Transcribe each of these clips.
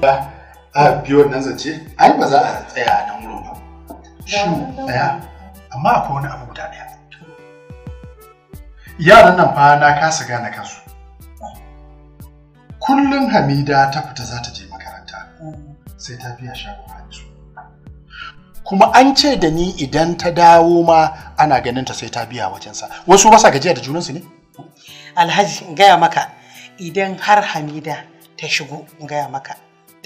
ba a bi wannan zance ai ba za a tsaya a nan wurin ba shu tsaya amma akwai wani abu guda ɗaya yaran nan fa na kasa gane kansu kullum hamida ta fita za ta je makaranta sai ta biya shago hajji kuma an ce da ni idan ta dawo ma ana ganin ta sai ta biya wajensa wasu ba sa gajiya da junansu ne alhaji gaya maka idan har hamida ta shigo gaya maka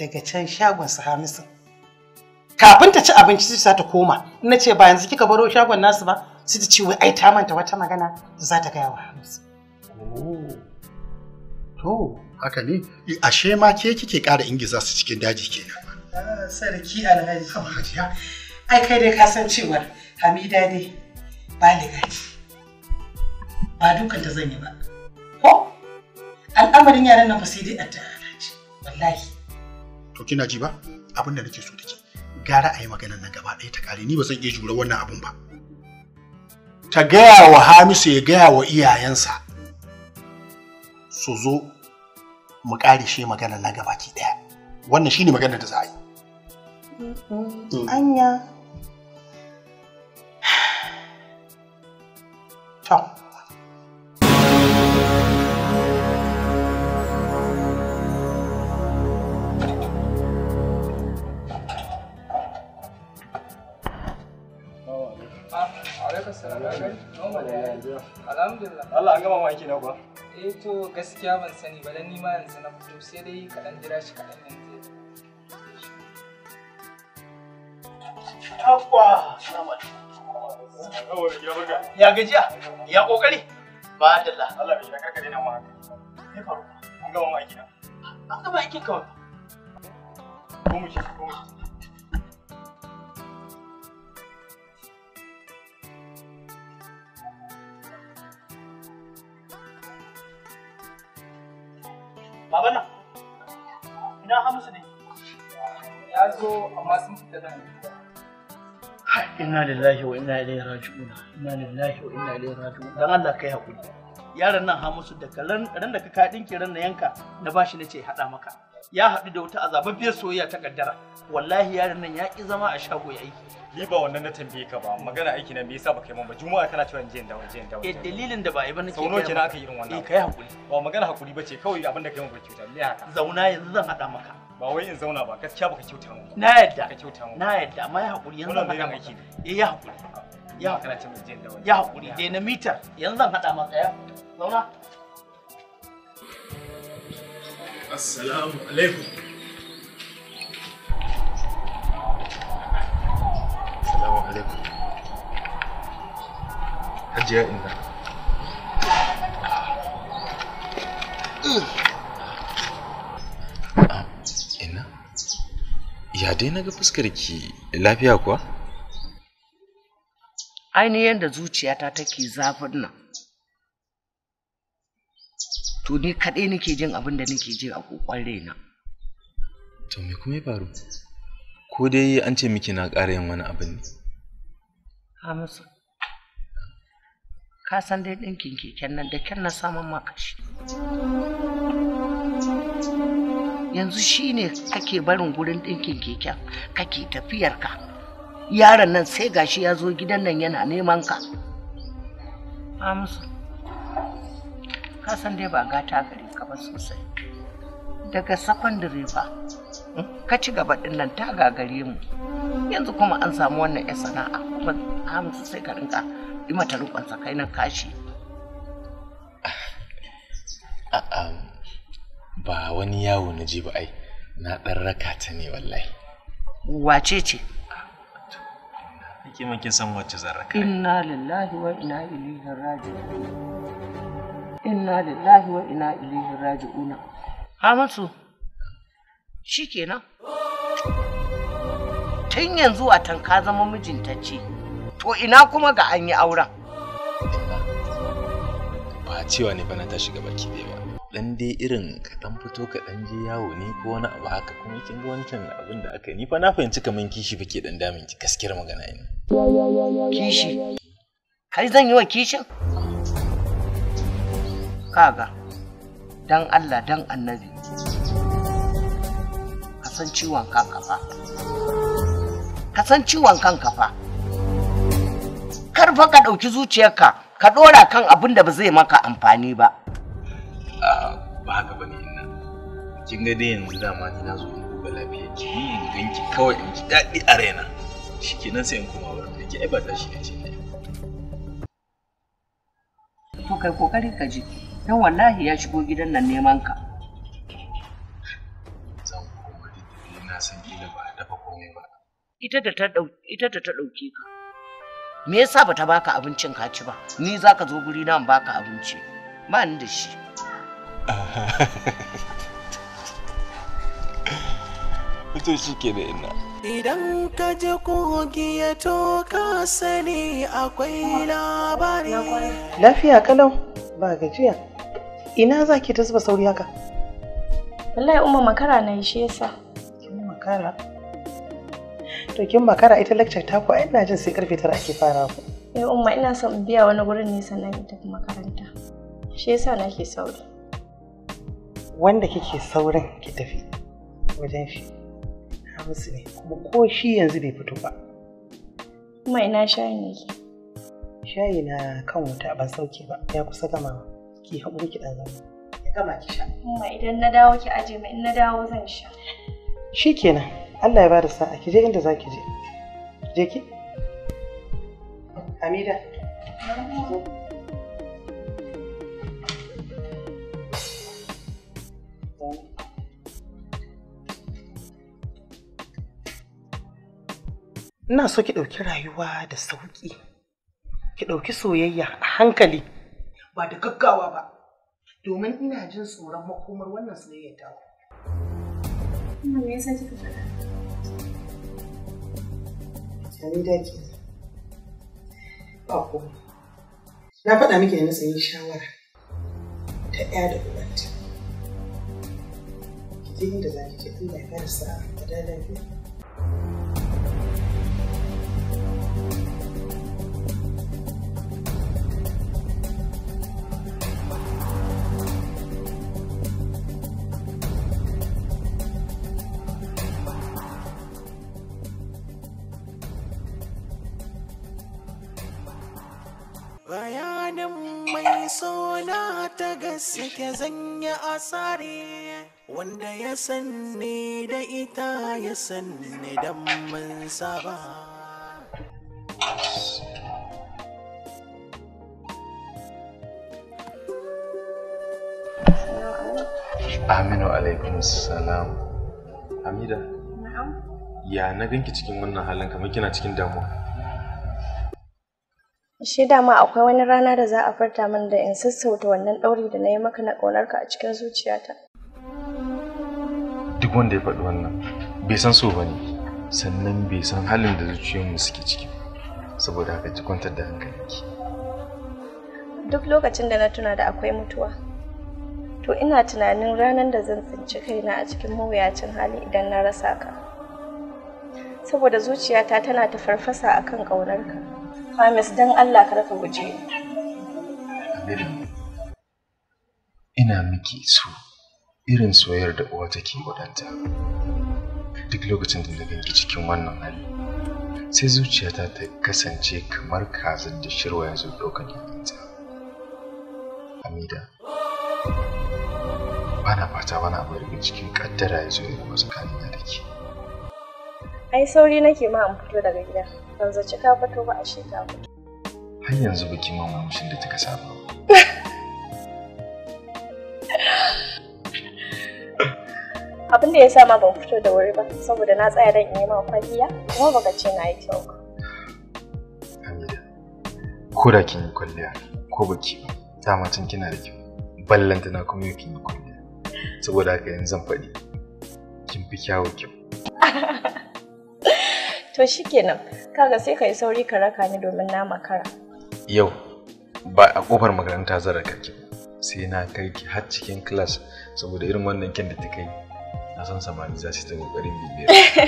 daga can shagon su Hamisu. Kafin ta ci abinci sai ta koma. Na ce ba yanzu kika baro shagon nasu ba, sai ta ce wai ai ta manta wata magana za ta gaya wa Hamisu. Oh. To, haka ne? Ashe ma ke kike ƙara ingiza su cikin daji ke Na ah, Sarki Alhaji. Hajiya. Ai kai dai ka san cewar Hamida ne ba ce. Ba dukanta zan yi ba. Ko? Al'amarin yaran nan ba sai dai a ta Wallahi. to kina ji ba abin da nake so ke gara a yi maganar nan gaba ɗaya ta kare ni ba zan iya jura wannan abun ba ta gaya wa hamisu ya gaya wa iyayensa su zo mu ƙare shi maganar nan gaba ki ɗaya wannan shine maganar da za a yi mm. anya to Alaikum salam ka gani? Noma da yanzu. Alhamdulillah. Allah an gama ma aiki na kuwa. Eh to gaskiya ban sani ba dan ni ma yanzu na fito sai dai kaɗan jira shi kaɗan yanzu. Yawwa! Ya gajiya? Ya ƙoƙari, Ba da Allah. Allah bai shaka ka daina ma. Me faru? An gama ma aiki na. An gama aikin kawai. Ko mu ce, ko mu ce. inna lillahi wa inna ilaihi raji'un inna lillahi wa inna ilaihi raji'un dan Allah kai hakuri yaron nan Hamisu da karan ran da ka ka dinki ran na yanka na bashi nace hada maka ya haɗu da wata azababiyar soyayya ta kaddara wallahi yaron nan ya ki zama a shago ya yi. ni ba wannan na tambaye ka ba magana aiki na me yasa baka yi mun ba juma'a kana cewa inje dawo inje dawo eh dalilin da ba ai ba nake sauno kina aka yi irin wannan eh kai hakuri ba magana hakuri bace kawai abinda kai mun ba kyauta me haka zauna yanzu zan hada maka ba wai in zauna ba gaskiya baka kyauta mu na yadda ka kyauta mu na yadda amma ya hakuri yanzu zan haɗa eh, ya hakuri ya mitar yanzu zan haɗa zauna assalamu alaikum assalamu alaikum hajiya inna mm. A dai na ga fuskar ki lafiya kuwa ainihin da zuciyata take zafin nan to ni kaɗai nake jin abin da nake ji a kokon raina to me kuma ya faru ko dai an ce miki na ƙara yin wani abin ne Hamisu ka san dai ɗinkin keken nan da kyan na samun makashi yanzu shine kake barin gurin ɗinkin keken kake ka? yaron nan sai gashi ya zo gidan nan yana neman ka ka san dai ba gata gare ka ba sosai. Daga secondary ba, hmm, ka ci gaba ɗin nan ta gagare mu. Yanzu kuma an samu wannan ya sana'a kuma Hamisu sai ka rinka imata rukunsa, kai nan kashi. Ah, um, ba wani yawo na ji ba ai na ɗan raka ta ne wallahi wace ce kiman kin san wacce zan raka inna lillahi wa inna ilaihi raji'un inna lillahi wa inna ilaihi raji'un Hamatu shikenan tun yanzu a ka zama mijinta ce to ina kuma ga an yi auren ba cewa ne ba na ta shiga baki ba dan dai irin ka dan fito ka dan je yawo ne ko wani abu haka kuma kin ga wancan abin da aka yi ni fa na fahimci kaman kishi ba ke dan damin ki gaskiyar magana ina kishi kai zan yi wa kishin kaga dan Allah dan annabi ka san ciwon kanka fa ka san ciwon kanka fa kar fa ka ɗauki zuciyarka ka dora kan abin da ba zai maka amfani ba ba haka bane inna kin ga dai yanzu dama ni na zo in duba lafiyar ki ni in ganki kawai in ji daɗi a raina shikenan sai in koma barka ki ai ba tashi ne ce to kai kokari ka ji dan wallahi ya shigo gidan nan neman ka zan koma duk na san kila ba a dafa komai ba ita da ta ita da ta dauke ka me yasa bata baka abincin ka ci ba ni zaka zo guri na baka abinci ba ni da shi Ito shi ke da ina idan ka ji kogi ya to ka sani akwai labari lafiya kalau ba gajiya ina za ki ta zuba sauri haka wallahi umma makara na ishe sa kin makara to kin makara ita lecture ta ku ina jin sai karfe tara ake fara ku eh umma ina son biya wani gurin ne sannan ita tafi makaranta shi yasa nake sauri wanda kike saurin ki tafi wajen shi hamisu ne kuma ko shi yanzu bai fito ba kuma ina ne yake shayi na kan wuta ban sauke ba ya kusa gama ki haɓu ki ɗan zama ya gama ki sha kuma idan na dawo ki aje ma in na dawo zan sha kenan, Allah ya bada sa'a ki je inda za ki je je ki Amida. Thank you. ina so ki ɗauki rayuwa da sauƙi ki ɗauki soyayya a hankali ba da gaggawa ba domin ina jin tsoron makomar wannan soyayya ta me yasa kika faɗa? Jamila ke ba ko na faɗa miki da na shawara ta ɗaya da ubanta ki je inda za ki je Allah ya sa a da lafiya bayanin mai sona ta gaske zanya asare wanda ya sanne da ita ya sanne da mun saba Aminu alaikum salam. Amida, Ya na ganki cikin wannan halin kamar kina cikin damuwa. Shi dama akwai wani rana da za a farta min da in sassauta wannan ɗauri da na yi maka na ƙaunarka a cikin zuciyata. Duk wanda ya faɗi wannan bai san so ba ne, sannan bai san halin da zuciyarmu suke ciki saboda haka ki kwantar da hankalinki. Duk lokacin da na tuna da akwai mutuwa, to ina tunanin ranar da zan tsinci kaina a cikin mawuyacin hali idan na rasa ka. Saboda zuciyata tana ta farfasa akan ƙaunarka. Hamis don Allah ka guje ni. ina miki so irin soyar da uwa take wadanta. Duk lokacin da na ganki cikin wannan hali, sai zuciyata ta kasance kamar kazar da shirwa ya zo ɗaukar yanzu. Hamida, bana fata wani abu daga cikin kaddara ya zo ya zama tsakanin da ke. Ai sauri nake ma in fito daga gida. ban zaci ka fito ba a shekara har yanzu ba ki mamamushin da kika saba abin da ya sa ma ban fito da wuri ba saboda na tsaya don in yi ma kwalliya kuma baka ce na yi kyau ba ko da kin yi kwalliya ko baki ba dama tun kina da kyau ballanta na kuma yau kin yi kwalliya saboda haka yanzu zan faɗi kin fi kyawu kyau to shi nan, kaga sai ka yi sauri ka raka ni domin na makara yau ba a kofar makaranta zan raka sai na kai har cikin class saboda irin wannan kyan da ta kai na san samani za su ta kokarin bibiyar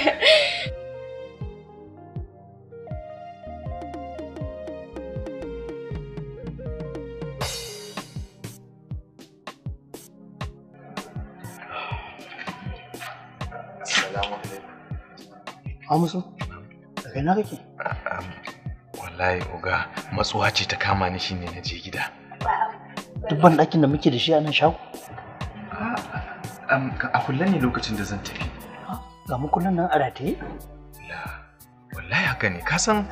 Amazon? ina kake? Wallahi oga matsuwa ce ta kama ni shine na je gida. Duk ban ɗakin da muke da shi a nan shago? A kullum ne lokacin da zan tafi. Ga mukullin nan a rataye? Wallahi haka ne, ka san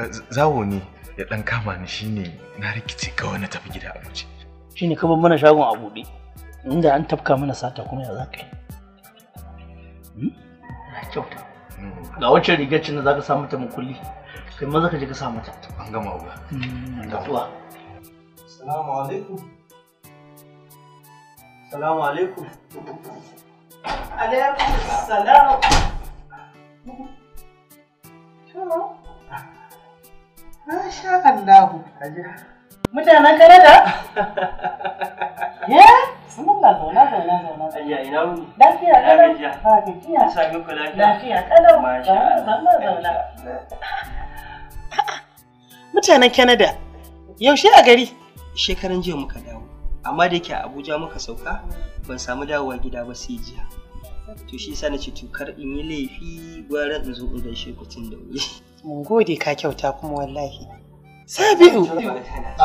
eh, zawo ne ya ɗan kama ni shine na rikice kawai na tafi gida a guje. Shine ka mana shagon a buɗe, inda an tafka mana sata kuma ya za ka yi. Hmm? Na kyauta. ga wacce rigar cin da za ka samu ta makulli kai maza ka je ka samu ta an gama uwa hmm, an gama salamu alaikum salamu alaikum alaikum salam Masha Allah. Mutanen da? Yeah? Bismillah ina wuni. Lafiya kalau. Ba gajiya. An sami ku lafiya. Lafiya kalau. Masha Allah. Mutanen Canada yaushe a gari? Shekaran jiya muka dawo. Amma da yake a Abuja muka sauka ban samu dawowa gida ba sai jiya. To shi yasa nace to kar in yi laifi gwara in zo in gaishe ku da wuri. Mun gode ka kyauta kuma wallahi. Sabi'u.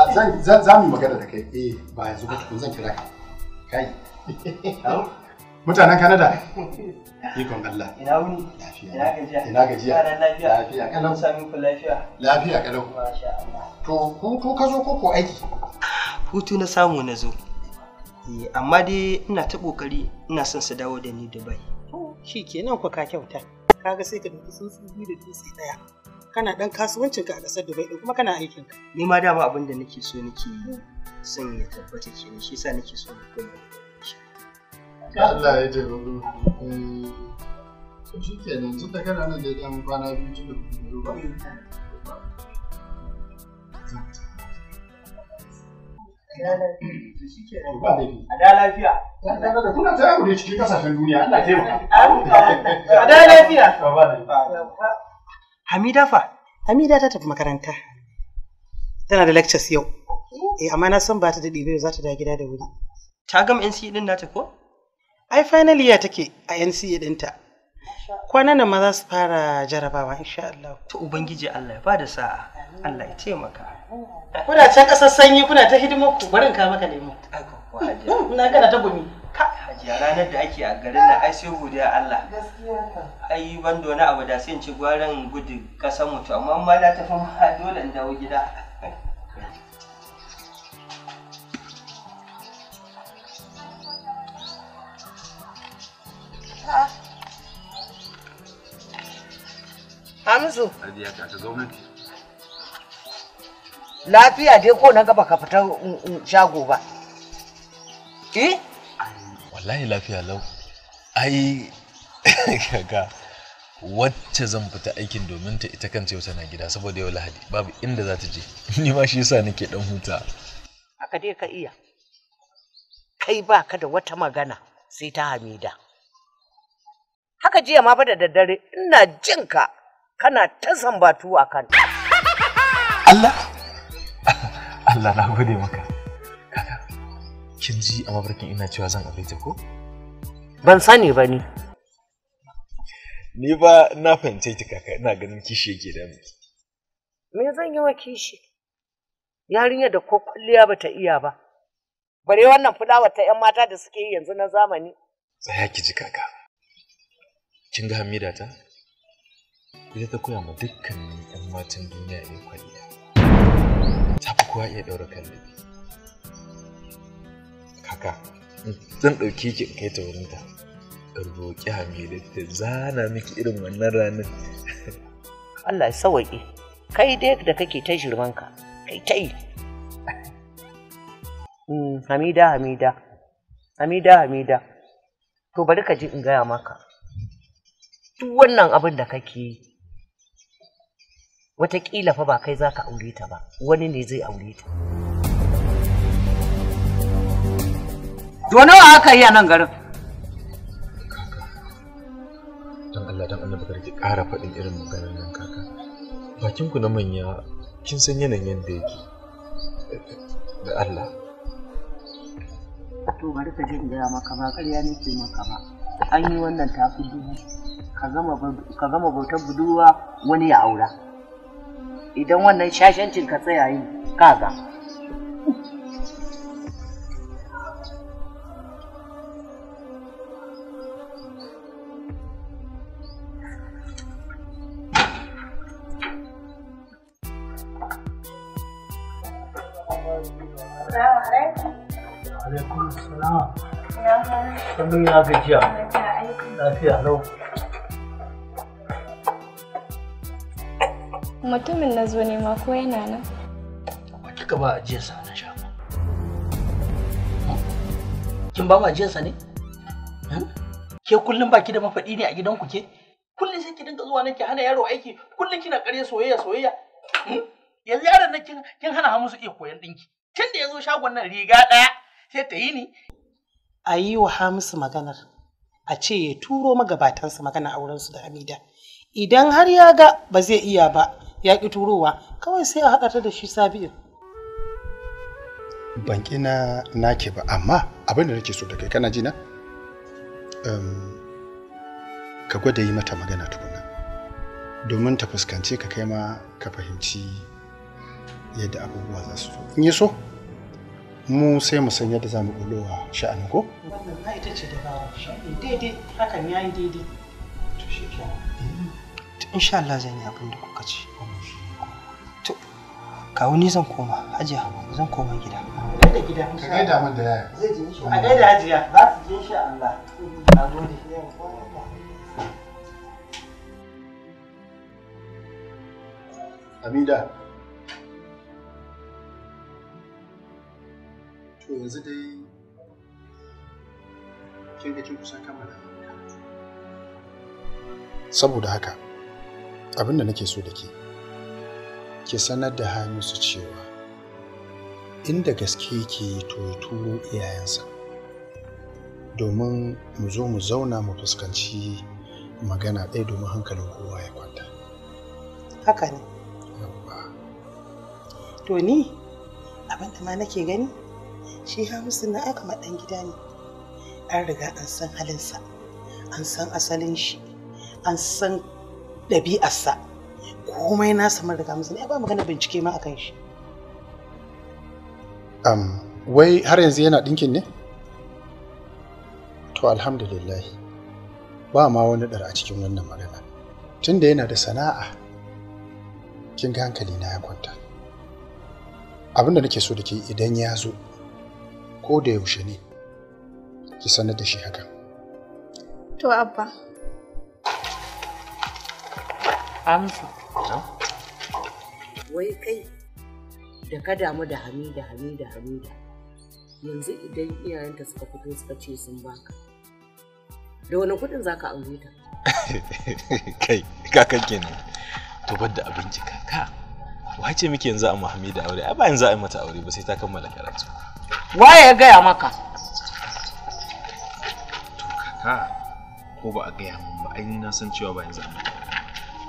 Zan za mu magana da kai eh ba yanzu ba zan kira ka. Kai. Hau. Mutanen Canada. Ikon Allah. Ina wuni? Lafiya. Ina gajiya. Ina gajiya. Ina lafiya. Lafiya kalau. Sami ku lafiya. Lafiya kalau. Masha Allah. To hutu ka zo ko ko aiki? Hutu na samu na zo. Eh, amma dai ina ta kokari ina son su dawo da ni Dubai. Shi kenan ku ka kyauta. Kaga sai ka dauki tsuntsu biyu da sai daya. kana dan kasuwancinka a ƙasar Dubai din kuma kana aikin ka ni ma dama abin da nake so nake son ya tabbata ke ne, shi yasa nake so na Allah ya eh, shi nan tun da kana nan da kwana biyu tun da kuma ba a lafiya ne a da lafiya Hamida fa? Hamida ta tafi makaranta. Tana da lectures yau. Eh amma na san ba ta daɗe bai za ta dawo gida da wuri. Ta gama NCA din e nata ko? Ai finally ya take a NCA e ɗinta. Kwana nan ma za su fara jarabawa insha Allah. To ubangiji Allah ya ba da sa'a. Allah ya taimaka. Kuna can ƙasar sanyi kuna ta hidimar ku barin ka maka lemo. Hmm, na kana ta gumi. hajiya ranar da ake a garin nan ai sai godiya Allah ai ban da wani abu da sai in ci gwaran gudun kasan mutu amma ma na tafi ma dole in dawo gida Hamzu. Lafiya dai ko na gaba ka fita mm, mm, shago ba. Eh? wallahi lafiya lau ai kaga wacce zan fita aikin domin ta ita kanta yau tana gida saboda yau lahadi babu inda za ta je ni ma shi yasa nake dan huta aka dai ka iya kai ba ka da wata magana sai ta hamida haka jiya ma ba da daddare ina jin ka kana ta zambatu a kan Allah Allah na gode maka kin ji a mafarkin ina cewa zan aure ko ban sani ba ni ni ba na fahimce ki kaka ina ganin kishi yake da miki me zan yi wa kishi yarinya da ko kwalliya bata iya ba bare wannan fulawar ta yan mata da suke yi yanzu na zamani tsaya ki ji kaka kin ga hamida ta ita ta koya ma dukkanin yan matan duniya ne kwalliya ta fi kowa iya ɗaura kalli. haka zan ɗauke ki kai ta wurinta roƙi hamida ta zana miki irin wannan ranar Allah ya sawaƙe kai dai da kake ta shirmanka kai ta yi hmm, hamida hamida hamida hamida to bari ka ji in gaya maka duk wannan abin da kake yi wataƙila fa ba kai za ka aure ta ba wani ne zai aure ta. zo nawa aka yi a nan garin don Allah don Allah bakar ki ƙara faɗin irin maganar nan kaka bakin ku na manya kin san yanayin yadda yake da Allah to bari ka je in gaya maka ba ƙarya ke maka ba an yi wannan tafi dubu ka gama bautar budurwa wani ya aura idan wannan shashancin ka tsaya yi ga. Na. Ya gajiya. Lafiya lau. Mutumin na zo nema ko yana nan? Kika ba ajiyarsa na sha. Kin ba ajiyarsa ne? Hmm? Ke kullum baki da mafaɗi ne a ku ke? Kullum sai ki dinga zuwa nake hana yaro aiki, kullum kina karya soyayya soyayya. Hmm? Yanzu yaron nan kin hana musu iya koyan ɗinki. Tun da ya zo shagon nan riga ɗaya sai ta yi ni a yi wa hamisu maganar a ce ya turo magabatansa magana a wurinsu da hamida idan har ya ga ba zai iya ba ya ƙi turowa kawai sai a haɗa ta da shi sabiyar ban na nake ba amma abin da nake so da kai kana jina ka gwada yi mata magana tukuna domin ta fuskanci ka kai ma ka fahimci yadda abubuwa za su in yi so mu sai mu san yadda zamu mu bulowa sha'anin ko? Wannan ma ita ce dabara sha'ani shi Insha Allah zan yi abin da To kawo ni zan koma hajiya zan koma gida. da gida. da yaya. Zai ji hajiya za su ji insha Allah. Amida. to yanzu dai kin ga kin saboda haka abin nake so da ke ki sanar da hamisu cewa inda gaske ke to ya turo iyayensa domin mu zo mu zauna mu fuskanci magana ɗaya domin hankalin kowa ya kwanta haka ne to ni abinda ma nake gani shi hamisu na aka maɗan gida ne an riga an san halinsa an san asalin shi an san ɗabi'arsa komai nasa mun riga musu ne ba magana bincike ma akan shi um, wai har yanzu yana ɗinkin ne to alhamdulillah ba ma wani ɗara a cikin wannan magana tunda yana da sana'a kin ga hankali na ya kwanta abin da nake so da ke idan ya zo ko da yaushe ne ki sanar da shi haka to abba amsa wai kai da ka damu da hamida hamida hamida yanzu idan iyayenta suka fito suka ce sun baka da wani kudin za ka aure ta kai kakan kenan to bar da abinci kaka wace muke yanzu a hamida aure ai ba yanzu a yi mata aure ba sai ta kammala karatu waye ya gaya maka to kaka ko ba a gaya min ba ai na san cewa ba yanzu amma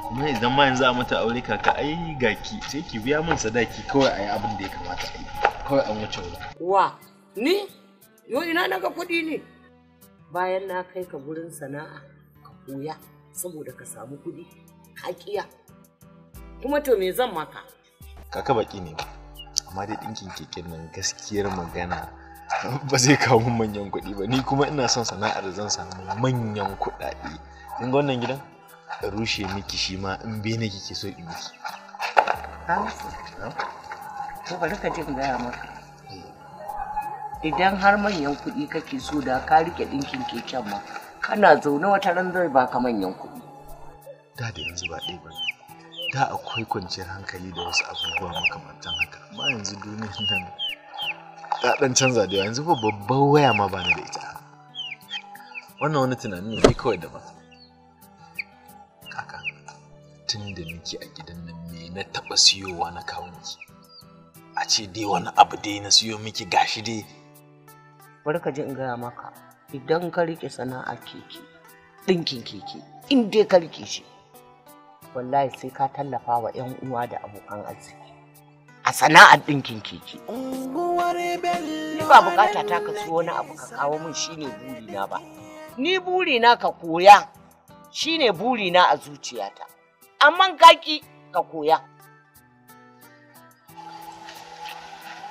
kuma idan ma yanzu a mata aure kaka ai ga ki sai ki biya min sadaki kawai ayi abin da ya kamata a yi kawai an wuce wurin wa ni yo ina na ga kuɗi ne bayan na kai ka gurin sana'a ka koya saboda ka samu kuɗi kiya. kuma to me zan maka kaka baki ne ba amma dai ɗinkin keken nan gaskiyar magana ba zai kawo manyan kuɗi ba ni kuma ina son sana'ar zan samu manyan kuɗaɗe kin ga wannan gidan rushe miki shi ma in bene kike so in miki eh. idan har manyan kuɗi kake so da ka rike ɗinkin keken ma kana zaune wata ran zai baka manyan kuɗi da da yanzu ba ɗaya ba da akwai kwanciyar hankali da wasu abubuwa makamantan haka amma yanzu duniyar nan ta dan canza da yanzu babban waya ma bani da ita wannan wani tunani ne kawai da ba kaka tun da nake a gidan nan me na taba siyowa na kawo miki a ce dai wani abu dai na siyo miki gashi dai bari ka ji in gaya maka idan ka rike sana'a keke ɗinkin keke in dai ka rike shi wallahi sai ka tallafa wa 'yan uwa da abokan arziki a sana'ar ɗinkin keke. Ni ba bukata ta ka siyo wani abu ka kawo min shine burina ba. Ni burina ka koya shine burina a zuciyata. Amma kaki ka koya.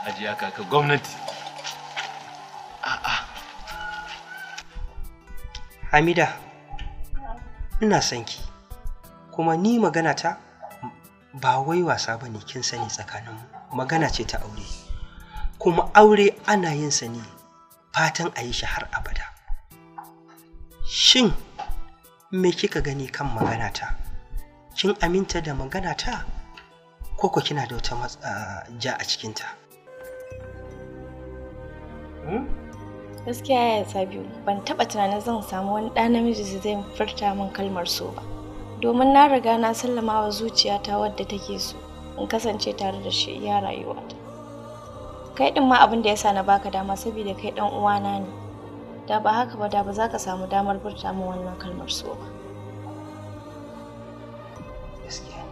Ajiya kaka gwamnati. A'a. Hamida, ina son ki. kuma ni magana ta ba wai wasa ba ne kin sani tsakanin magana ce ta aure kuma aure ana yin sa ne fatan a yi shi har abada shin me kika gani kan magana ta kin aminta da magana ta ko ko kina da wata ja a cikinta hmm? gaskiya ya biyu. ban taɓa tunanin zan samu wani ɗan namiji zai furta min kalmar so ba domin na riga na sallama wa zuciyata wadda take so in kasance tare da shi iya rayuwata kai din ma abin da yasa na baka dama saboda kai dan uwana ne da ba haka ba da ba za ka samu damar furta mu wannan kalmar so ba gaskiya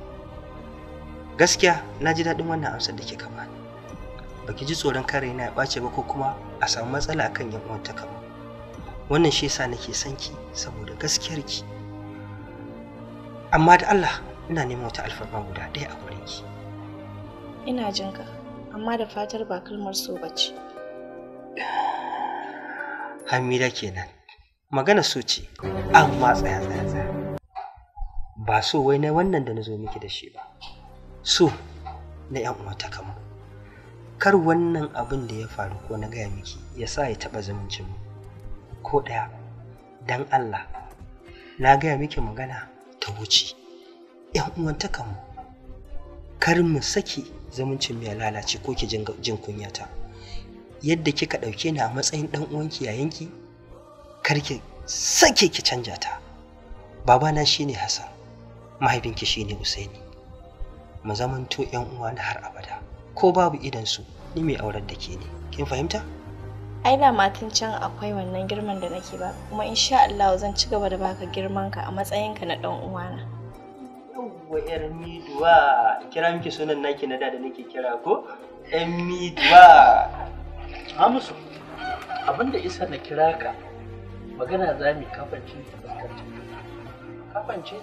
gaskiya na ji daɗin wannan amsar da ka bani baki ji tsoron kare na ya ɓace ba ko kuma a samu matsala akan yan ka ba wannan shi yasa nake son ki saboda gaskiyar ki amma da Allah ina neman wata alfarma guda ɗaya a gurin ki ina jin ka amma da fatar ba kalmar so bace Hamida kenan magana so ce amma tsaya tsaya tsaya ba so wai na wannan da na zo miki da shi ba so na yan uwanta kanmu. kar wannan abin da ya faru ko na gaya miki ya sa ya taɓa zumuncin ko ɗaya don Allah na gaya miki magana ta wuce yan uwantakan mu kar mu saki zumuncin mu ya lalace ko ki jin kunyata yadda kika ɗauke ni a matsayin ɗan uwanki yayanki kar ki sake ki canja ta babana shine Hassan mahaifinki shine Husaini mu zamanto yan uwa na har abada ko babu idan su ni mai auren da ke ne kin fahimta ai da matan can akwai wannan girman da nake ba kuma insha Allah zan ci gaba da baka girmanka a matsayinka na dan uwana yawwa yar miduwa kira miki sunan naki na da da nake kira ko yan miduwa Hamisu abinda isa na kira ka magana za mu kafance ta fuskanci kafance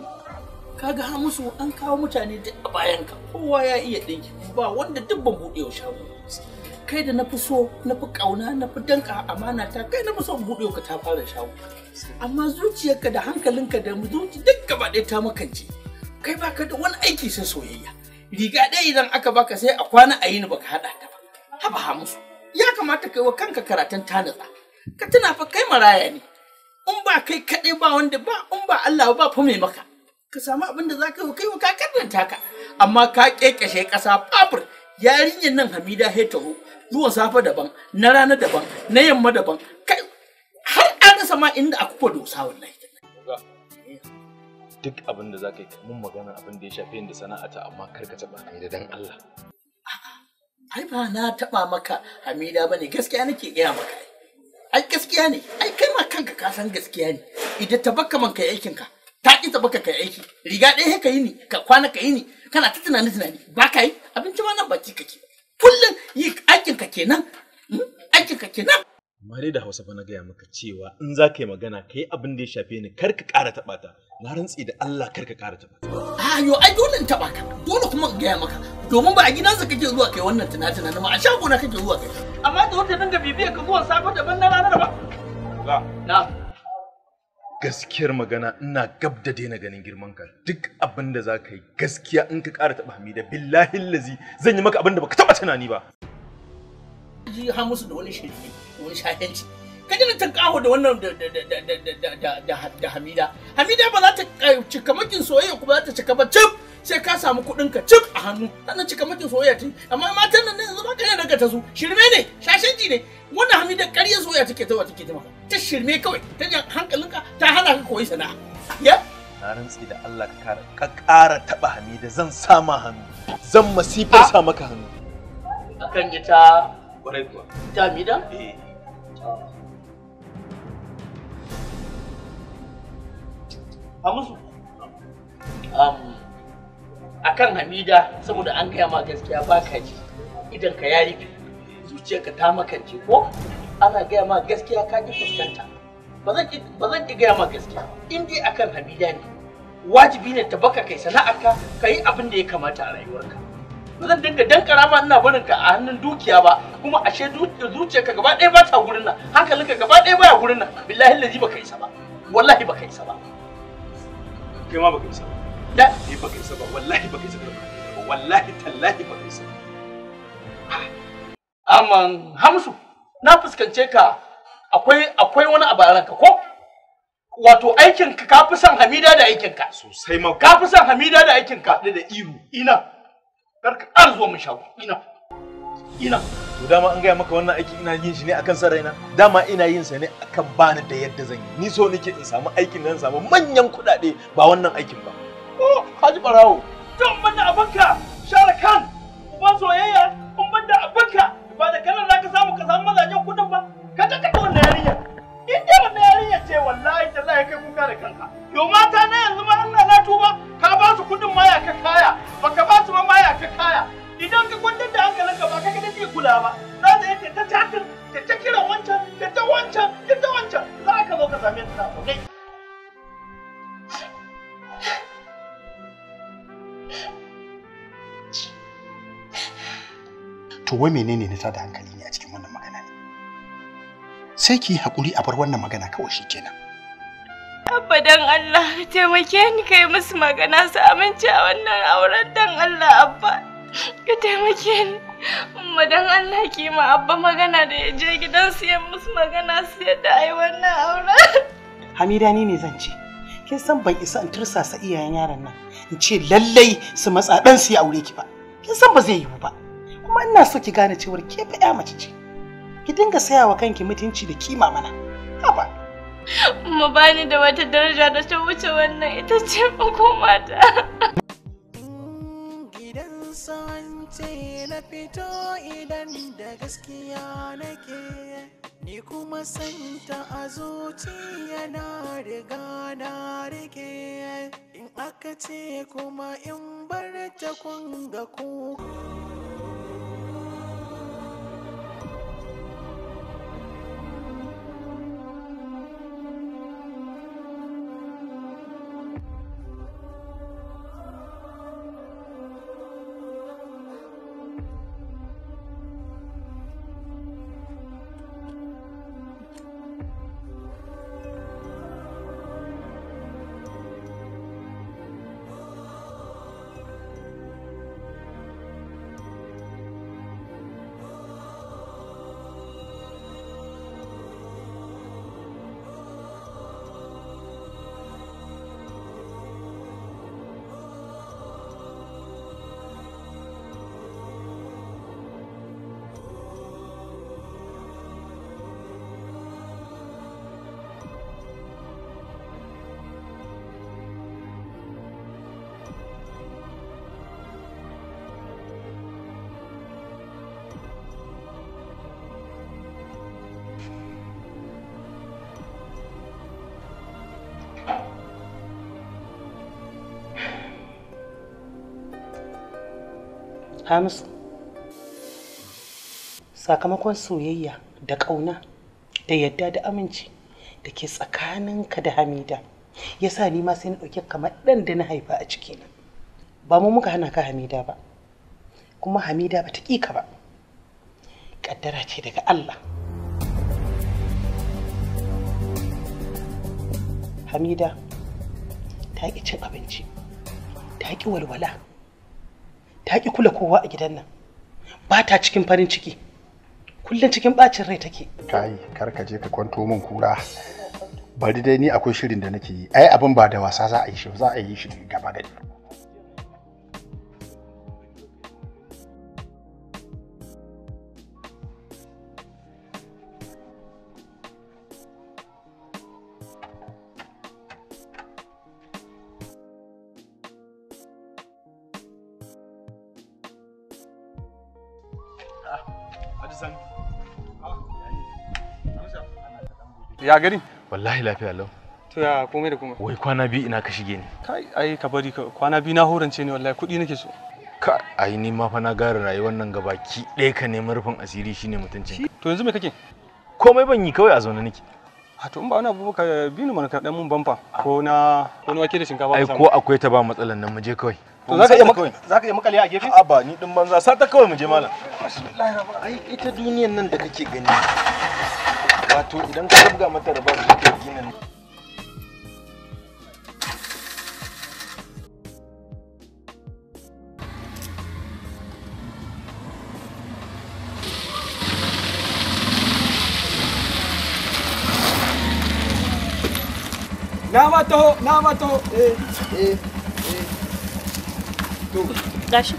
kaga Hamisu an kawo mutane duk a bayan ka kowa ya iya dinki ba wanda dubban bude buɗe wa shago kai da na fi so na fi ƙauna na fi danka amana ta kai na fi so buɗe ka ta fara shawo amma zuciyarka da hankalinka da zuci duk gaba ɗaya ta makance kai baka da wani aiki sai soyayya riga ɗaya idan aka baka sai a kwana a yi ni baka haɗa ta ba haba musu ya kamata kai wa kanka karatun tanaza ka tuna fa kai maraya ne in ba kai kaɗai ba wanda ba in ba Allah ba fa mai maka ka samu abin da za ka yi kai wa kakar taka amma ka kekashe ƙasa babur yarinyar nan hamida hetaho zuwa safe daban na rana daban na yamma daban kai har an rasa ma inda a kufa dosa wallahi duk abin da zaka yi mun magana abin da ya shafi yadda ta, amma kar ka taba ni da dan Allah ai ba na taba maka Hamida bane gaskiya nake gaya maka ai gaskiya ne ai kai ma kanka ka san gaskiya ne idan ta baka man kai aikin ka ta ki ta baka kai aiki riga ɗaya ka yi ni ka kwana ka yi ni kana ta tunani tunani ba ka yi abinci ma nan baki kake kullum yi aikin ka kenan hmm? aikin ka kenan amma dai da Hausa fa na gaya maka cewa in za ka yi magana ka yi abin da ya shafe ni kar ka ƙara taɓa ta na rantsi da Allah kar ka ƙara taɓa ta a yo ai dole in taɓa ka dole kuma in gaya maka domin ba a gidan sa kake zuwa kai wannan tunatina ma a shago na kake zuwa kai amma da wata dinga bibiya ka zuwa safe daban na rana ba? na gaskiyar magana ina gab da daina ganin girman ka duk abin da za ka yi gaskiya in ka ƙara taɓa hamida billahi lazi zan yi maka abin da baka taɓa tunani ba. Ji hamusu da wani shirki wani shahenci ka ji ta kaho da wannan da hamida hamida ba za ta cika makin soyayya kuma za ta cika ba cif sai ka samu kuɗin ka cif a hannu sannan cika makin soyayya ta amma matan nan yanzu ba yana daga ta su shirme ne shashanci ne wannan hamida ƙarya soyayya take ta take ta maka ta shirme kawai ta jan hankalinka ta hana ka koyi sana'a ya na rantsi da Allah ka kara taba hamida zan sama hannu zan masifar sa maka hannu akan ita ƙwarai kuwa ita hamida eh a musu um, akan hamida saboda an gaya ma gaskiya ba ka ji idan ka ya zuciyarka ta makance ko ana gaya ma gaskiya ka ji fuskanta ba zan ki gaya ma gaskiya in dai akan hamida ne wajibi ne ta baka kai sana'arka ka yi abin da ya kamata a rayuwarka ba zan dinga dankara ma ina barin ka a hannun dukiya ba kuma ashe zuciyarka gaba ɗaya ba ta gurin nan hankalinka gaba ɗaya baya gurin nan billahi lazi ka isa ba wallahi ba ka isa ba kai ma baka isa da ni eh, baka isa ba wallahi baka isa ba wallahi tallahi baka isa ah. aman hamsu na fuskance ka akwai akwai wani a baranka ko wato aikin ka fi son hamida da aikin ka sosai ma ka fi son hamida da aikin ka da ihu ina karka ka mu shago ina ina to dama an gaya maka wannan aiki ina yin shi ne akan sarai raina dama ina yin sa ne akan bani da yadda zan yi ni so nake in samu aikin nan samu manyan kudade ba wannan aikin ba oh haji barawo don da abanka share kan uban soyayya in da abanka ba da kallon zaka samu ka samu mazajen kudin ba ka ta kaɗa wannan yarinya in dai wannan yarinya ce wallahi ta zai kai kuka da kanka yo mata na yanzu ma Allah na tuba ka ba su kudin ma ya ka kaya baka ba su ma ya ka kaya idan ka kwantar da hankalinka ba ka ga take kula ba za ta yi ta chatin ta ta kiran wancan ta ta wancan ta ta wancan za ka zo ka same ta okay to wai menene ne ta da hankali ne a cikin wannan magana ne sai ki hakuri a bar wannan magana kawai shikenan Abba dan Allah taimake ni kai musu magana su amince a wannan auren dan Allah abba Ka taimake ni. Amma dan Allah ki ma abba magana da ya je gidan su ya musu magana su yadda ai wannan auren. Hamida ni ne zan ce. Kin san ban isa in tursasa iyayen yaron nan. In ce lallai su matsa dan su ya aure ki ba. Kin san ba zai yiwu ba. Kuma ina so ki gane cewar ke fa ya mace ce. Ki dinga saya wa kanki mutunci da kima mana. Haba. Mu bani da wata daraja da ta wuce wannan ita ce ba mata. kin na fito idan da gaskiya nake ni kuma santa a zuciya na riga na rike in aka ce kuma in bar ta kunga kuku taimaka musu sakamakon soyayya da ƙauna da yadda da aminci da ke tsakaninka da hamida ya sa ni ma sai na ɗauki kamar ɗan da na haifa a cikina ba mu muka hana ka hamida ba kuma hamida ba ta ƙika ba ƙaddara ce daga allah hamida ta ƙi cin abinci ta ƙi walwala ta ki kula kowa a gidan nan ba ta cikin farin ciki kullum cikin bacin rai take kai kar je ka kwanto min kura bari dai ni akwai shirin da nake yi ai abin ba da wasa za a yi shi za a yi shi gaba da Ya gari? Wallahi lafiya lau. To ya kome da kuma Wai kwana biyu ina ka shige ni. Kai ai ka bari ka kwana biyu na horance ne wallahi kuɗi nake so. Ka ai ni ma fa na gara rayuwar nan ki ɗaya ka neman rufin asiri shine mutuncin. To yanzu me kake? Komai ban yi kawai a zaune nake. A to in ba wani abu ka bi ni mana ka dan mun bamfa ah. ko na ko na wake da shinkafa Ai ko akwai ta ba matsalan nan mu je kawai. To za ka iya makale a gefe? A ba ni din banza sa ta kawai mu je malam. ai ita duniyan nan da kake gani wato idan ka buga mata da ke ginin Na mato, na mato. Eh, eh, eh. To. Gashi.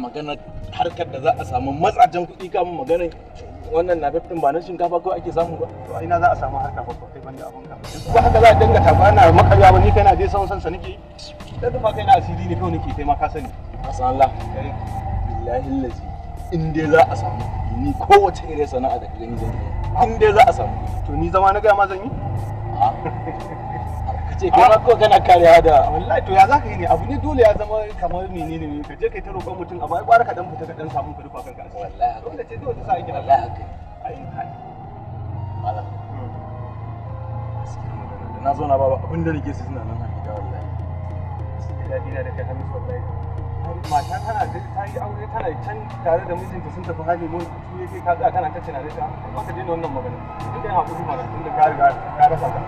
magana harkar da za a samu matsajen kuɗi kamun magana wannan na fifin ba na shinkafa ko ake samu ba to ina za a samu harka ba kai banda abun ka ba haka za a dinga tafa na makarya ba ni kai na je san san sanike da dufa kai na asiri ne kawai nake kai ma ka sani asan Allah eh. billahi lazi in dai za a samu ni kowace irin sana'a da gani zan yi in dai za a samu to ni zama na ga ma zan yi a'a ce kai ba ko kana karewa da wallahi to ya zaka yi ne abu ne dole ya zama kamar menene ne ka je kai ta roƙon mutum a ai kwara ka dan fita ka dan samu ka rufa kanka wallahi wanda ce dole ta wallahi haka ai malam na da na da ta yi aure tana can tare da mijinta sun tafi hali mun su yake ka tsaya kana ta ba ka wannan magana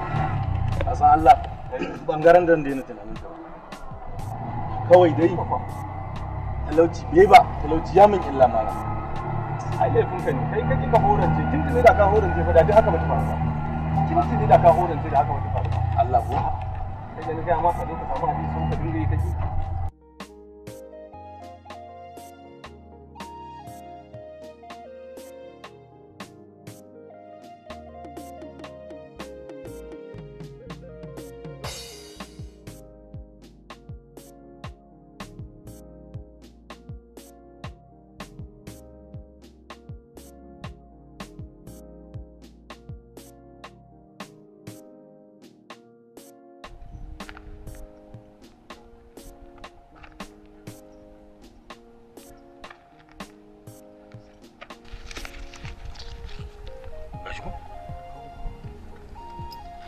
Allah bangaren da daina tunanin ta kawai dai talauci bai ba talauci ya min illa mara ai laifin ka ne kai kake ka horance da ka horance fa da haka da ka horance da haka bata faru Allah ko kai da ga ma ka dinka samu hadisi sun ka dinga yi kake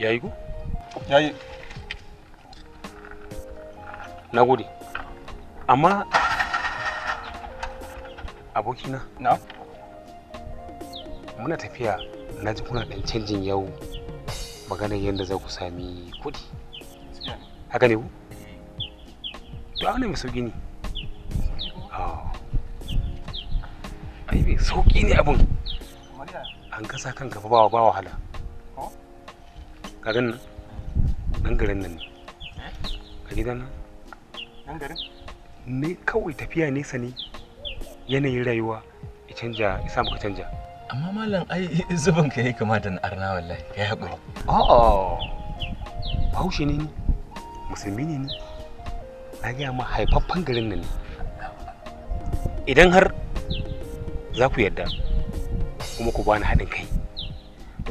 yayi yayi na amma abokina na muna tafiya na ji kuna dan canjin yau maganar yadda za ku sami kuɗi haka ne ku to ne mai sauki ne sauki ne abin an kasa kan gaba ba wahala garin nan dan garin nan ne eh? a gidan nan nan garin ne kawai tafiya nesa ne yanayin rayuwa ya canja ya samu ka canja amma malam ai zuban ka yi kama da arna wallahi kai hakuri a'a bahaushe ne ni musulmi ne ni na gaya ma haifaffen garin nan ne idan har za ku yarda kuma ku bani haɗin kai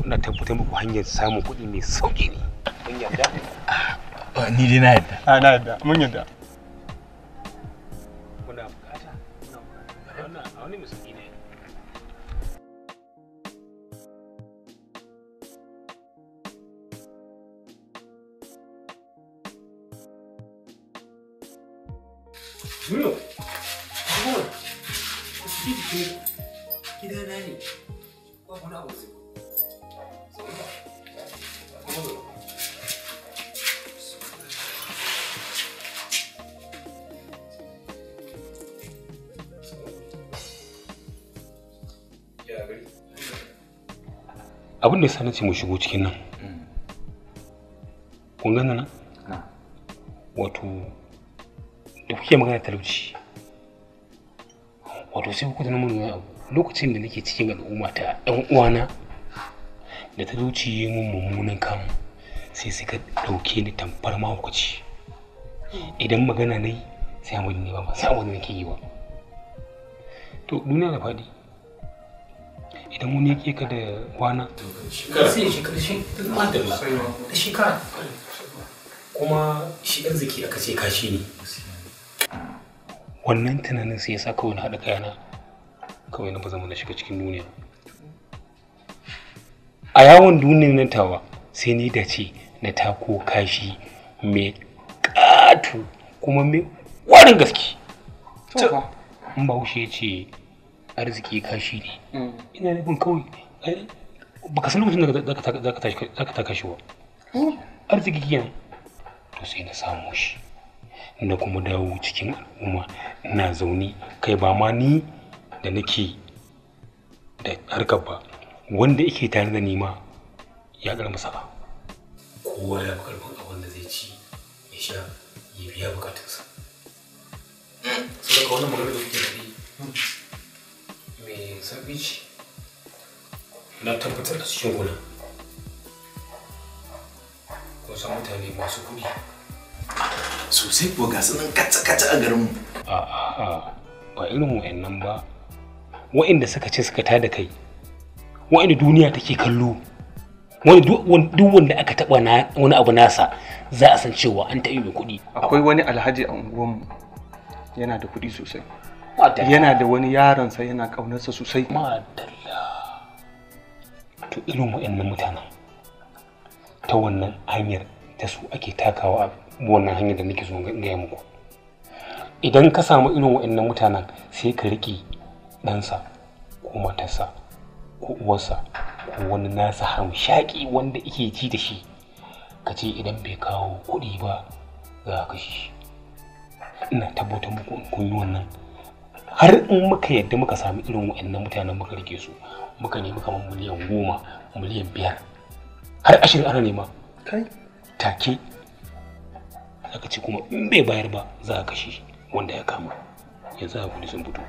kuna tabbatar muku hanyar samun kuɗi mai sauƙi ne mun yarda ah, ni dai na yarda Ah, na yarda mun yarda Really? abin da ya sani ce mu shigo cikin nan mm. kun gana nan wato da kuke magana talauci wato sai kuka zama mun abu lokacin da nake cikin al'umma ta ɗan uwana da ta zuci mun mummunan kamu sai suka ɗauke ni tamfar mahaukaci idan magana nayi sai abin ne ba sai abin ne nake yi ba to duniya da faɗi idan wani ya keka da kwana sai shi karshen madalla shi ka kuma shi arziki aka ce kashi ne wannan tunanin sai ya sa kawai na haɗa kayana kawai na bazama na shiga cikin duniya a yawon duniya na tawa sai ni da ce na tako kashi mai ƙato kuma mai warin gaske in ba ya ce arziki kashi ne mm. ina nufin kawai ka san lokacin da za ka taka shi ba mm. arziki yan to sai na samu shi na kuma dawo cikin al'umma na zaune kai ba ma ni da nake da harkar ba wanda yake tare da ni ma ya masa ba kowa ya fi karfin abin da zai ci ya sha ya biya bukatunsa saboda ka wani magana da kuke da ni sauƙi na tabbatar da cikin kuna wasu mutane masu kuɗi sosai ko ga sunan kaca-kaca a garinmu a'a ba irin wa'annan ba wa'anda suka ce suka tada kai wa'anda duniya take kallo wani duk wanda aka taba wani abu nasa za a san cewa an taɓa mai kuɗi akwai wani alhaji a unguwanmu yana da kuɗi sosai yana da wani yaronsa yana ƙaunarsa sosai madalla to irin waɗannan mutanen ta wannan hanyar da su ake takawa a wannan hanyar da nake so gaya muku idan ka samu irin waɗannan mutanen sai ka riƙe ɗansa ko matarsa ko uwarsa ko wani nasa hamshaƙi wanda ike ji da shi ka ce idan bai kawo kuɗi ba za ka shi ina tabbatar muku kun yi wannan har in muka yadda muka sami irin wa'annan mutanen muka rike su muka nemi kamar miliyan goma miliyan biyar har ashirin ana nema kai take aka ce kuma in bai bayar ba za a kashe wanda ya kama yanzu a kudi sun fito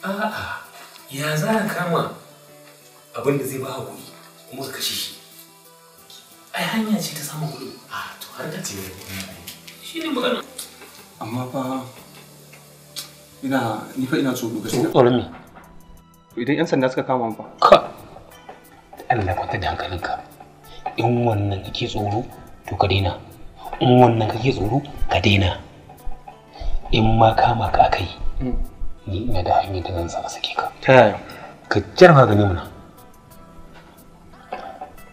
A'a, ya za a kama abin da zai ba kuɗi kuma ka kashe shi. ai hanya ce ta samun kuɗi a to har ka ce shi ne magana amma fa ina ni fa ina tsoro gaskiya tsoron me idan yan sanda suka kama fa ka Allah kwanta da hankalinka in wannan kake tsoro to ka daina in wannan kake tsoro ka daina in ma kama ka akai ni ina da hanyar da zan sa sake ka ta yaya ka jarma ga nuna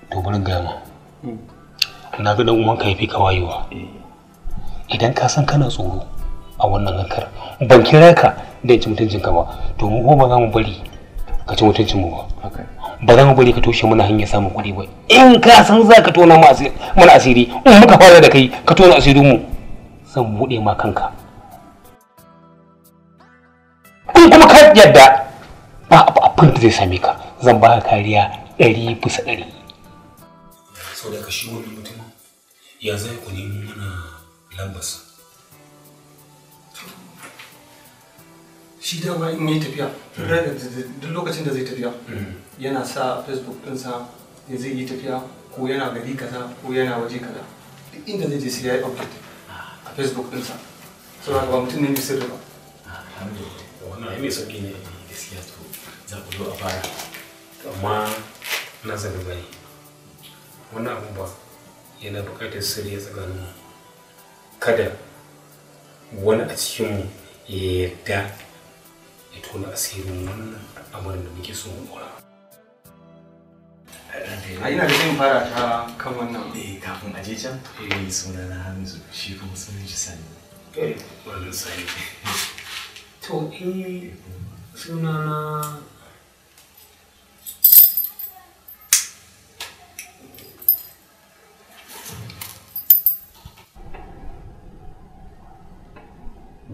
to bari gama na ga dan ka ya fi ka wayewa eh. idan ka san kana tsoro a wannan hankar ban kira ka da ya ci mutuncin ka ba domin ko ba za mu bari ka ci mutuncin mu ba ba za mu bari ka toshe muna hanyar samun kuɗi ba in ka san za ka tona mana asiri in muka fara da kai ka tona asirin mu zan buɗe ma kanka in kuma ka yadda ba abu zai same ka zan ba ka kariya ɗari bisa ɗari saboda ka shi wannan mutum ya zai ku nemo mana lambas shi dama in yi tafiya hmm. duk lokacin da zai tafiya hmm. yana sa facebook ɗinsa ya zai yi tafiya ko yana gari kaza ko yana waje kaza duk inda zai je sai ya yi update a facebook ɗinsa saboda ba mutum ne mai sirri ba ah, wannan ai mai sauƙi ne gaskiya to za ku zo a fara amma na zanen bane wani abu ba yana buƙatar sirri ya tsakanin kada wani a cikinmu ya yarda ya tona asirin wannan amarin da muke so mu ɗora. a ina da zai fara ta kan wannan eh kafin aje can eh, eh suna na Hamisu shi kuma sunan shi Sani eh wannan Sani to eh suna na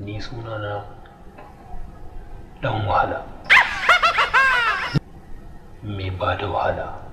ni suna na dan wahala mai ba da wahala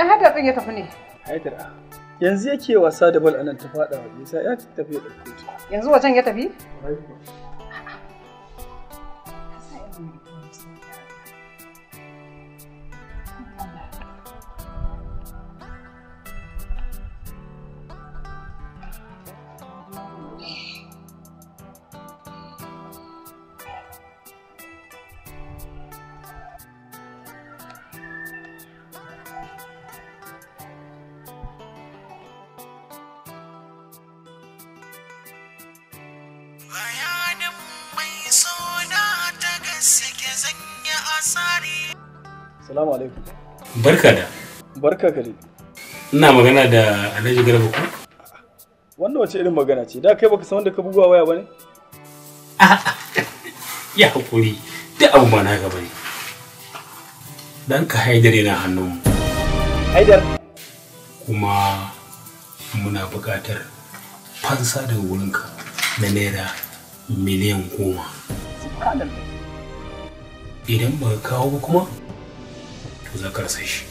ina haidar ɗin ya tafi ne? Haidar ah. yanzu yake wasa da bal anan ta faɗa wa Isa ya tafi ya ɗauke ta. Yanzu wajen ya tafi? Barka da. Barka kare. Ina magana da Alhaji Garba ko? Wannan wace irin magana ce? Da kai baka san wanda ka bugawa waya bane? Ya hakuri, da abu ba na gaba ne. Dan ka haidar yana hannun. Haidar? Kuma muna buƙatar fansa daga wurinka na naira miliyan goma. Idan ba kawo kuma to za ka rasa shi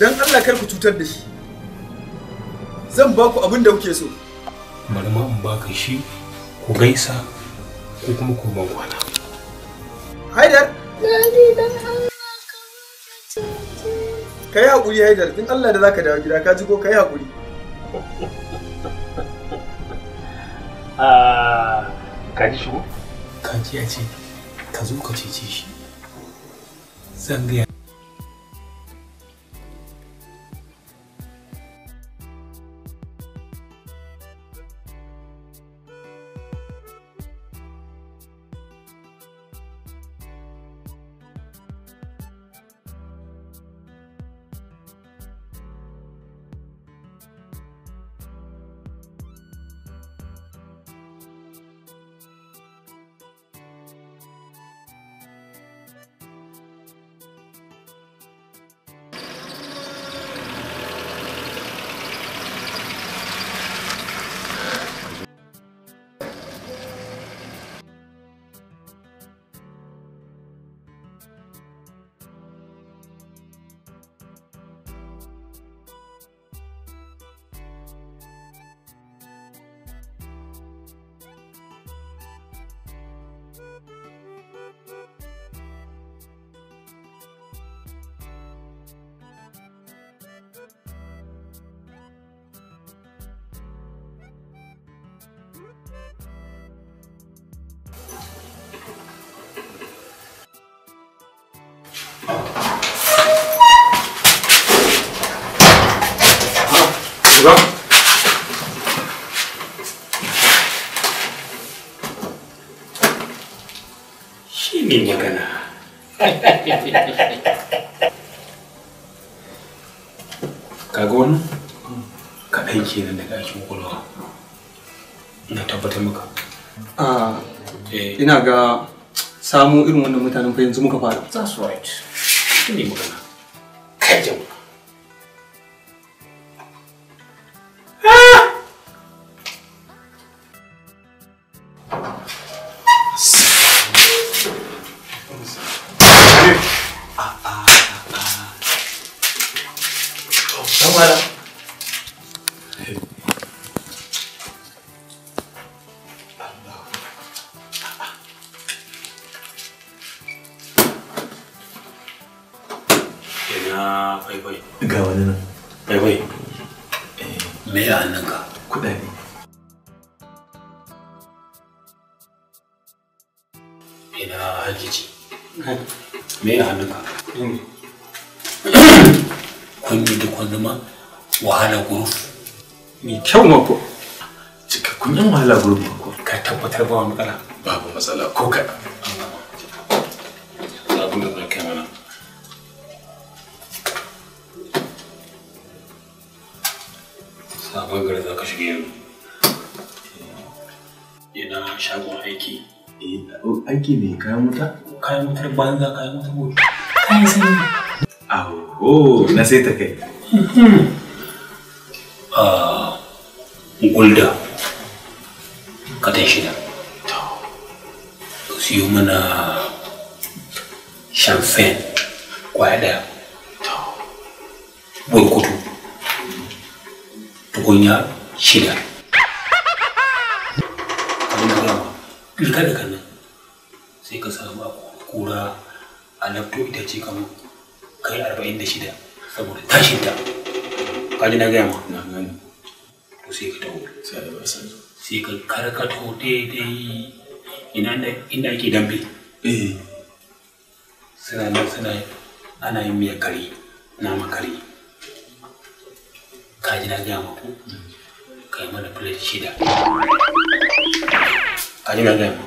dan Allah kar ku cutar da shi zan ba ku abin da kuke so bari ma in baka shi ku gaisa ko kuma ku ban kwana haidar ka yi haƙuri haidar in Allah da za ka dawo gida ka ji ko ka yi haƙuri ah, ka ji shigo ka ji ya ce ka zo ka cece shi zan gaya 能被人这么可怕？right，着？你们敢了，看见我。banza kayan wata gobe. na sai ta kai. Ah, Gulda, katan shida. Siyo mana champagne kwaya ɗaya. Burkutu, tukunya shida. Abin da girka kura a lafto ita ce kamar kai 46 da shida saboda tashin ta kaji na gaya ma na gani to sai ka taho sai ka karkato daidai ina inda ake dambe eh. suna nan suna ana yin miyar kare nama kare kaji na gaya ma ko mm. kai mana plate shida kaji na gaya ma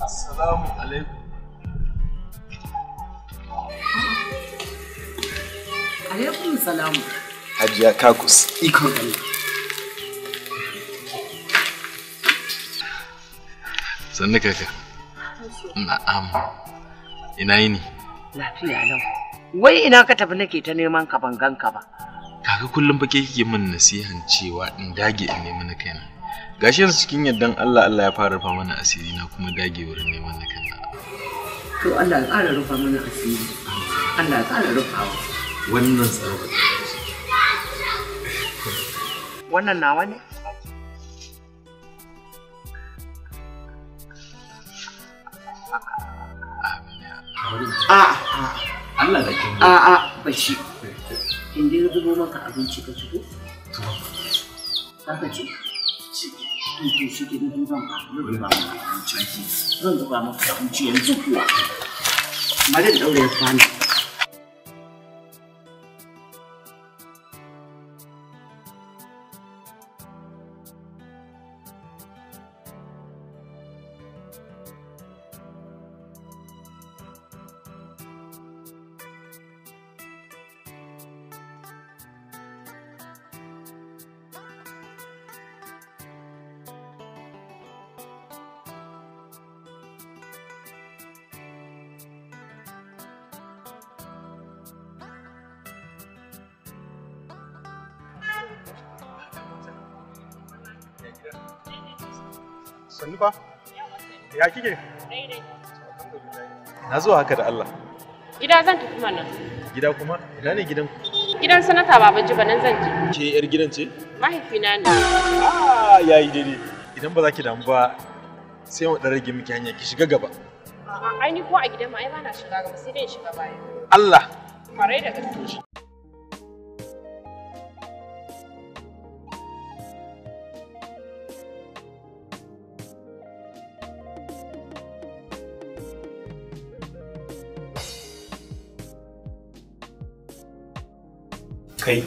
Assalamu alaikum. Alaikum salam. Hajiya Kakus, ikon gani. Sannu kaka. Na'am. Ina yini? Lafiya lau. Wai ina ka tafi nake ta neman ka ban ganka ba. Kaka kullum fa ke kike min nasihan cewa in dage in nemi na kaina. gashi yanzu cikin yardan Allah Allah ya fara rufa mana asiri na kuma dage wurin neman na kanna to Allah ya fara rufa mana asiri Allah ya fara rufawa wannan tsaro wannan nawa ne Allah da kin a a bashi zubo maka abinci ka ci ko to 你去实体店买，那没办法，你去，那没办法，你捡做去啊，买点榴莲翻。Sannu ba? Ya kike? Na zuwa haka da Allah. Gida zan tafi mana. Gida kuma? Ina ne gidan? Gidan sanata baba ji nan zan je. Ke yar gidan ce? Mahaifina ne. Ah, yayi daidai. Idan ba za ki damu ba sai mu dan rage miki hanya ki shiga gaba. A'a, ai ni ko a gidan ma ai ba na shiga gaba sai dai in shiga baya. Allah. kare da gaske. kai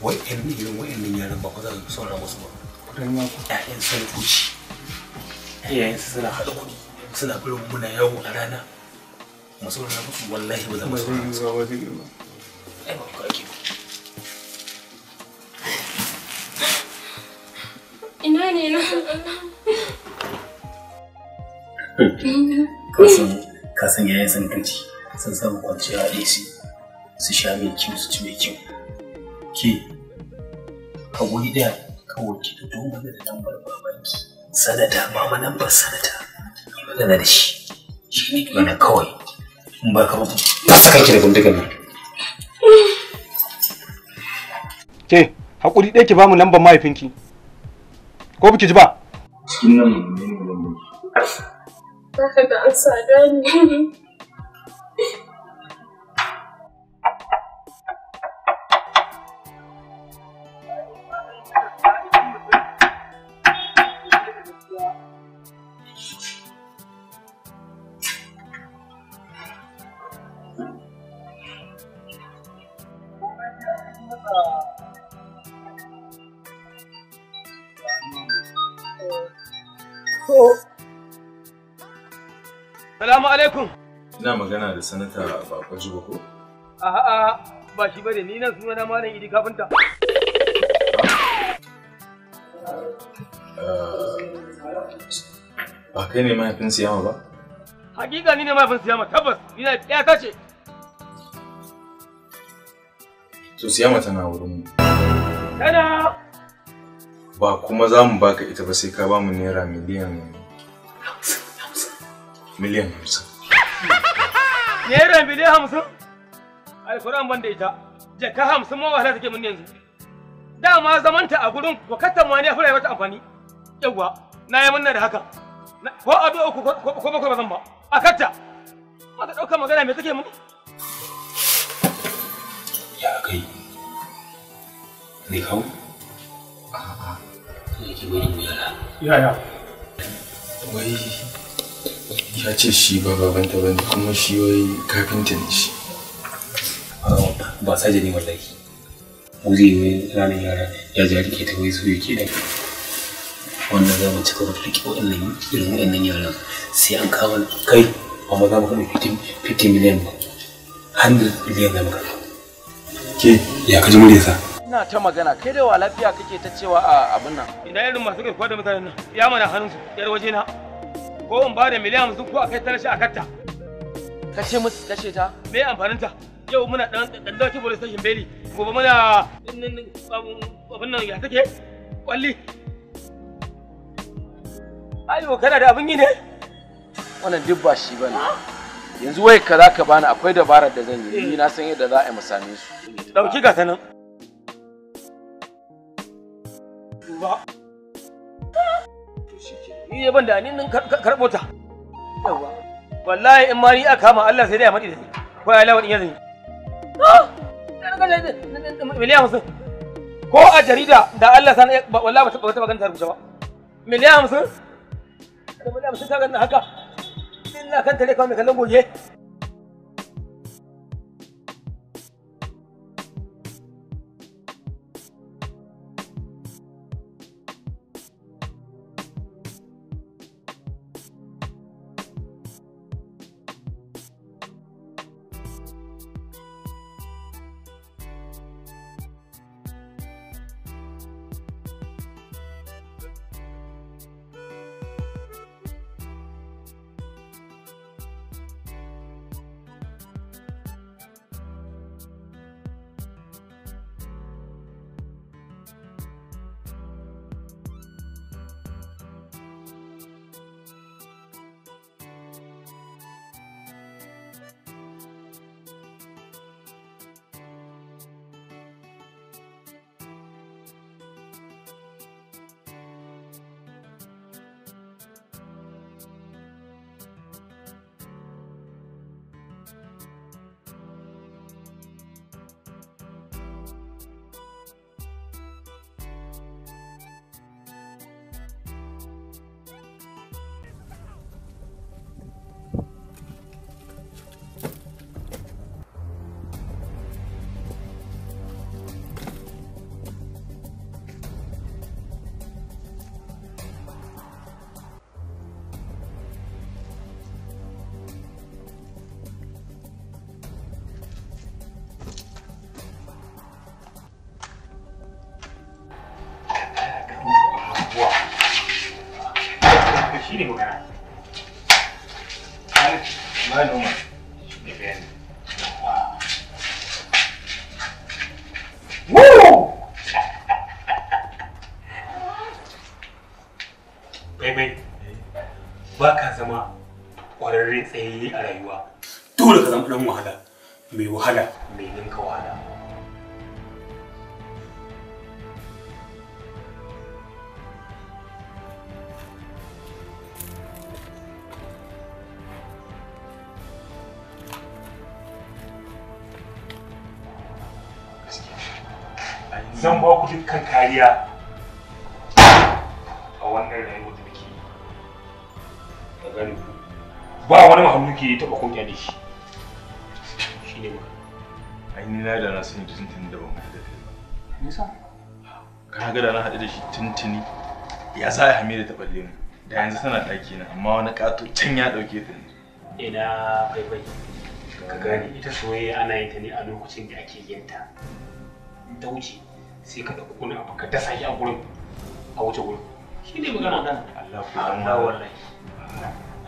wa'annan irin wa'annan yaran ba za su saura musu ba sun kuci suna haɗa kuɗi suna barin muna yawo a rana mu saura musu wallahi ba za mu saura musu ba ai ba ku ake ina ne na kasan kasan yayin sun sun samu kwanciya a AC su sha mai kyau su ci mai kyau ke ka wuri ka kawai da fito mana da lambar babanki sanata ba ma lambar sanata magana da shi shi ne ki mana kawai in ba ka ba na saka ki da bindigan nan ke hakuri ɗaya ki ba mu lambar mahaifinki ko biki ji ba cikin nan ne ne lambar ba ka da an sada ni sanata bako ba, ko? A'a ba shi bane ni nan sunana malam idi kafinta. Ah, ba kai ne mahaifin siyama ba? Hakika ni ne mahaifin siyama tabbas na ɗaya ta ce. To siyama tana wurin mu. Tana. Ba kuma za mu baka ita ba sai ka ba mu naira miliyan miliyan hamsin. Naira miliyan hamsin? Alkuran ban da ita. Jaka hamsin ma wahala take mun yanzu. Dama zamanta a gurin wakatan ma ne fura wata amfani. Yawwa, na yi munna da haka. Ko abu uku ko bakwai ba zan ba. A katta. Ma ka ɗauka magana me take mun? Ya kai. Ne kawo? A'a. ya ya wani yara. Yaya. Wai ya ce shi ba babanta ba ne kuma shi wai kafinta ne shi ah, ba sa jini wallahi wuri ne ranar yara ya ji rike ta wai su yake da wanda za mu cika wata rike waɗannan irin wa'annan yaran sai an kawo kai a maza za mu fitin miliyan ba hannun miliyan za mu ke ya kaji mun sa ina ta magana kai da wa lafiya kake ta cewa a abin nan ina irin masu garkuwa da mutanen nan ya mana hannun su yar waje na ko in ba da miliyan hamsin ko a kai talashi a katta. Ka ce musu kashe ta? Me amfaninta? Yau muna ɗan ɗauki police station beli, gobe muna abin nan ya take kwalli. Ayo kana da abin yi ne? Wannan duk ba shi bane. Yanzu wai ka za ka bani akwai dabarar da zan yi, ni na san yadda za a yi mu same su. Ɗauki gata nan. Duba. ni ne ban da ni nan karɓo ta yawa wallahi in ma ni aka kama Allah sai dai ya maɗi da ni ko ya lawan iya zan yi miliyan hamsin ko a jarida da Allah sana ya wallahi ba taɓa ganin ta rubuce ba miliyan hamsin da miliyan hamsin ta ganin haka ina kan tare kawai mai kallon goge kun shi shi ne na da na sani tuntuni da ban haɗu da kai nisa ka ga da na haɗu da shi tuntuni ya sa ya hami da balle mu da yanzu tana ɗaki na amma wani ƙato can ya ɗauke ta yanzu ina e, baibai ka gane ita soyayya ana yin ta ne a lokacin da ake yin ta ta ka ɗauki abu ka dasa shi a wuce gurin shi ne magana nan Allah ku Allah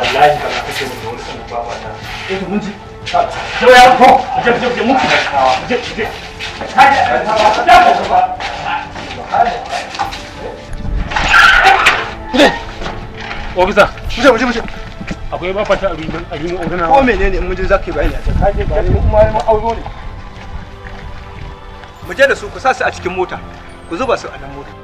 wallahi ba na ka ce mun wani sanin baba ta eh to mun ji Jawa ya ko je je je mun ji je je kaje ta ba ta ba ta ba Kudai! Obisa! Muje muje muje! Akwai ba fata a rimin a rimin ogana. Ko menene in muje zaka yi bayani a kai? Kaje ba mu ma mu auro ne. Muje da su ku sa su a cikin mota. Ku zuba su a nan mota.